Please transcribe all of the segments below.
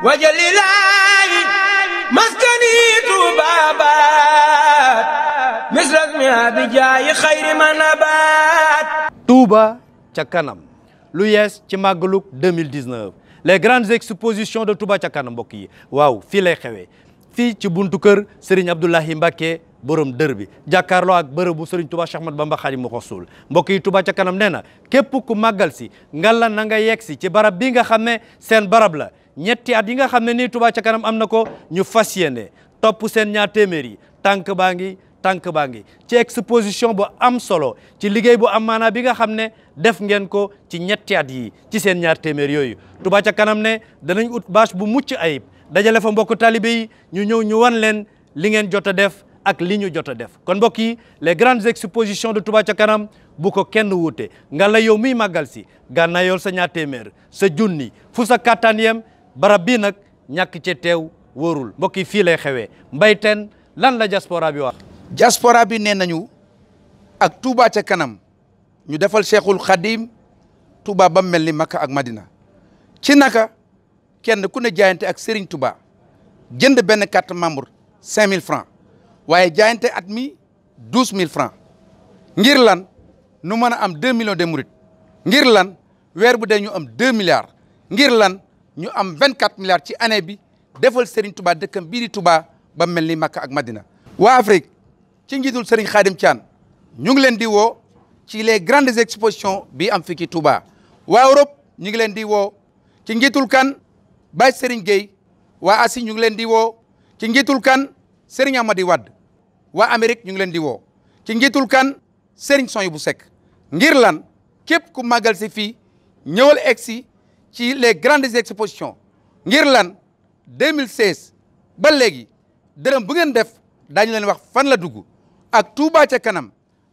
wajalilaayi maskani tuubaabaat misrasmi abijaayi xayri manabaat Touba ca kanam lu yees ci màggalug 2019 les grandes expositions de Touba ca kanam mbokk yi waaw fii lay xewee fii ci buntu kër Serigne Abdoulahi Mbacké borom dër bi jàkkaarloo ak bërëbu Serigne Touba Cheikh Ahmadou Bamba Khadimu Rasul mbokk yi Touba ca kanam nee na képp ku màggal si ngalla na nga yegg si ci barab bi nga xam ne seen barab la ñetti at yi nga xam ne nii Touba ca kanam am na ko ñu fas yéene topp seen ñaar téeméer yi tànk baa ngi tànk baa ngi ci exposition bu am solo ci liggéey bu am maanaa bi nga xam ne def ngeen ko ci ñetti at yi ci seen ñaar téeméer yooyu Touba ca kanam ne danañ ut bâche bu mucc ayib dajale fa mbokk talibé yi ñu ñëw ñu wan leen li ngeen jot a def ak li ñu jot a def kon mbokk yi les grandes expositions de Touba ca kanam bu ko kenn wute nga la yow miy màggal si gànnaayool sa ñaar téeméer sa junni fu sa kattan barab bii nag ñàkk ci teew wóorul mbokk yi fii lay xewee Mbaye lan la diaspora bi wax. diaspora bi nee nañu ak Touba ca kanam ñu defal Cheikhul xadim Touba ba mel ni Makka ak Madina ci naka kenn ku ne jaayante ak Serigne Touba jënd benn carte membre cinq mille francs waaye jaayante at mi douze mille francs ngir lan nu mën a am deux millions de mourides ngir lan weer bu dee ñu am deux milliards ngir lan. ñu am vingt 24 milliards ci année bi defal Serigne Touba dëkkam bii di Touba ba mel ni Makka ak Madina. waa Afrique ci njiitul Serigne Khadim Thian ñu ngi leen di woo ci les grandes expositions bi am fii ci waa Europe ñu ngi leen di woo ci njiitul kan Baye Serigne Gueye waa Asie ñu ngi leen di woo ci njiitul kan Serigne Amady waa Amérique ñu ngi leen di woo ci njiitul kan Serigne Sony bu Seck ngir lan képp ku màggal si fii ñëwal egg ci les grandes expositions ngir lan 2016 ba léegi dërëm bu ngeen def daañu leen wax fan la dugg ak Touba ca kanam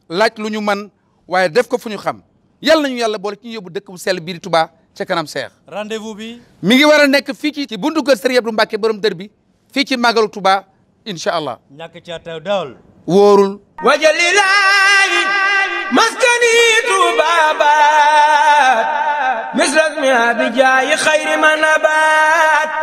laaj lu ñu man waaye def ko fu ñu xam yàlla nañu yàlla boole ci ñu yóbbu dëkk bu sel biir tuba ca kanam seex. rendez-vous bi. mi ngi war a nekk fii ci. ci buntu kër Serigne Abdou Mbacke borom dër bi fii ci màggalu Touba incha allah. ñàkk caa taw daawul. wóorul. baat. الدنيا بجاي خير ما نبات